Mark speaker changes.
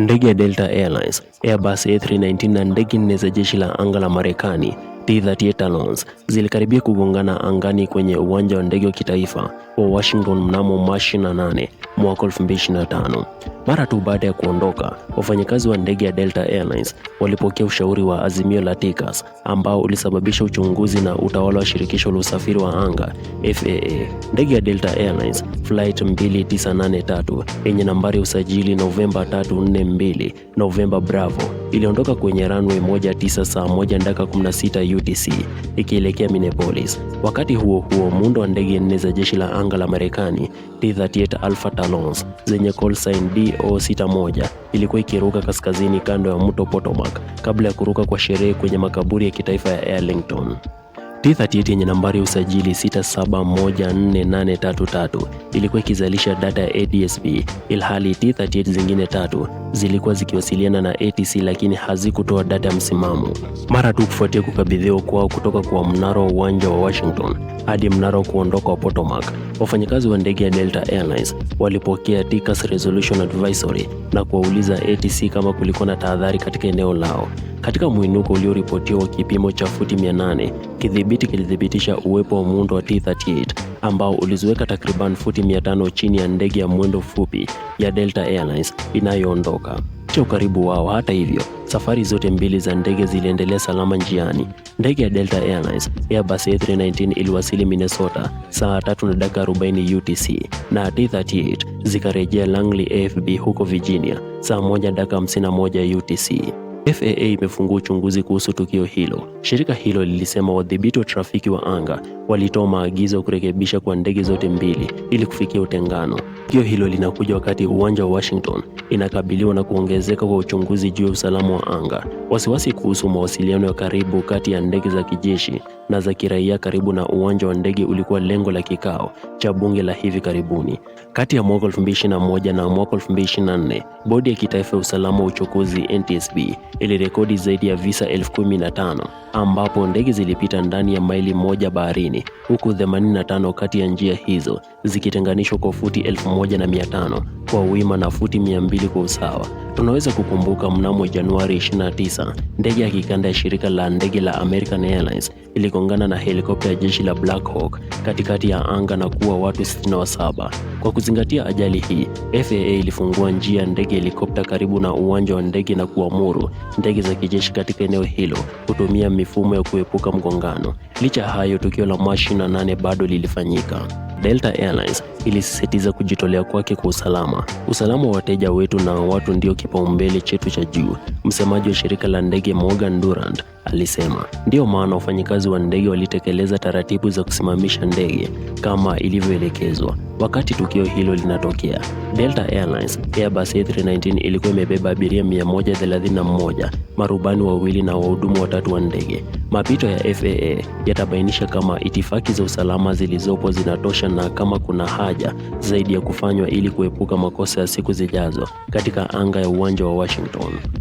Speaker 1: Ndege ya Delta Airlines, Airbus A319 na ndege nne za jeshi la anga la Marekani Talons zilikaribia kugongana angani kwenye uwanja wa ndege wa kitaifa wa Washington mnamo Machi 8 mwaka 2025. Mara tu baada ya kuondoka, wafanyakazi wa ndege ya Delta Airlines walipokea ushauri wa azimio la TICAS ambao ulisababisha uchunguzi na utawala wa shirikisho la usafiri wa anga FAA. Ndege ya Delta Airlines flight 2983 yenye nambari ya usajili Novemba 342 Novemba Bravo iliondoka kwenye runway 19 saa 1 dakika 16 UTC ikielekea Minneapolis. Wakati huo huo, muundo wa ndege nne za jeshi la anga la Marekani T-38 Alpha Talons zenye call sign DO61 ilikuwa ikiruka kaskazini kando ya mto Potomac kabla ya kuruka kwa sherehe kwenye makaburi ya kitaifa ya Arlington. T38 yenye nambari ya usajili 6714833 ilikuwa ikizalisha data ya ADSB ilhali T38 zingine tatu zilikuwa zikiwasiliana na ATC lakini hazikutoa data ya msimamo. Mara tu kufuatia kukabidhiwa kwao kutoka kwa mnara wa uwanja wa Washington hadi mnara wa kuondoka wa Potomac Wafanyakazi wa ndege ya Delta Airlines walipokea TCAS Resolution Advisory na kuwauliza ATC kama kulikuwa na tahadhari katika eneo lao. Katika mwinuko ulioripotiwa wa kipimo cha futi 800, kidhibiti kilithibitisha uwepo wa muundo wa T-38 ambao uliziweka takriban futi 500 chini ya ndege ya mwendo fupi ya Delta Airlines inayoondoka cha ukaribu wao. Hata hivyo, safari zote mbili za ndege ziliendelea salama njiani. Ndege ya Delta Airlines Airbus A319 iliwasili Minnesota saa 3 na dakika 40 UTC na T38 zikarejea Langley AFB huko Virginia saa moja dakika 51 UTC. FAA imefungua uchunguzi kuhusu tukio hilo. Shirika hilo lilisema wadhibiti wa trafiki wa anga walitoa maagizo ya kurekebisha kwa ndege zote mbili ili kufikia utengano. Tukio hilo linakuja wakati uwanja wa Washington inakabiliwa na kuongezeka kwa uchunguzi juu ya usalama wa anga, wasiwasi kuhusu mawasiliano ya karibu kati ya ndege za kijeshi na za kiraia karibu na uwanja wa ndege ulikuwa lengo la kikao cha bunge la hivi karibuni. Kati ya mwaka 2021 na mwaka 2024, bodi ya kitaifa ya usalama wa uchukuzi NTSB ilirekodi zaidi ya visa 1015 ambapo ndege zilipita ndani ya maili moja baharini, huku 85 kati ya njia hizo zikitenganishwa kwa futi elfu moja na mia tano kwa wima na futi 200 kwa usawa. Tunaweza kukumbuka mnamo Januari 29 ndege ya kikanda ya shirika la ndege la American Airlines iligongana na helikopta ya jeshi la Black Hawk katikati ya anga na kuwa watu 67. Kwa kuzingatia ajali hii, FAA ilifungua njia ya ndege helikopta karibu na uwanja wa ndege na kuamuru ndege za kijeshi katika eneo hilo kutumia mifumo ya kuepuka mgongano. Licha hayo, tukio la Machi 28 bado lilifanyika. Delta Airlines ilisisitiza kujitolea kwake kwa usalama. Usalama wa wateja wetu na watu ndio kipaumbele chetu cha juu, msemaji wa shirika la ndege Morgan Durand alisema. Ndiyo maana wafanyikazi wa ndege walitekeleza taratibu za kusimamisha ndege kama ilivyoelekezwa. Wakati tukio hilo linatokea, Delta Airlines Airbus A319 ilikuwa imebeba abiria 131, marubani wawili na wahudumu watatu wa ndege. Mapito ya FAA yatabainisha kama itifaki za usalama zilizopo zinatosha na kama kuna haja zaidi ya kufanywa ili kuepuka makosa ya siku zijazo katika anga ya uwanja wa Washington.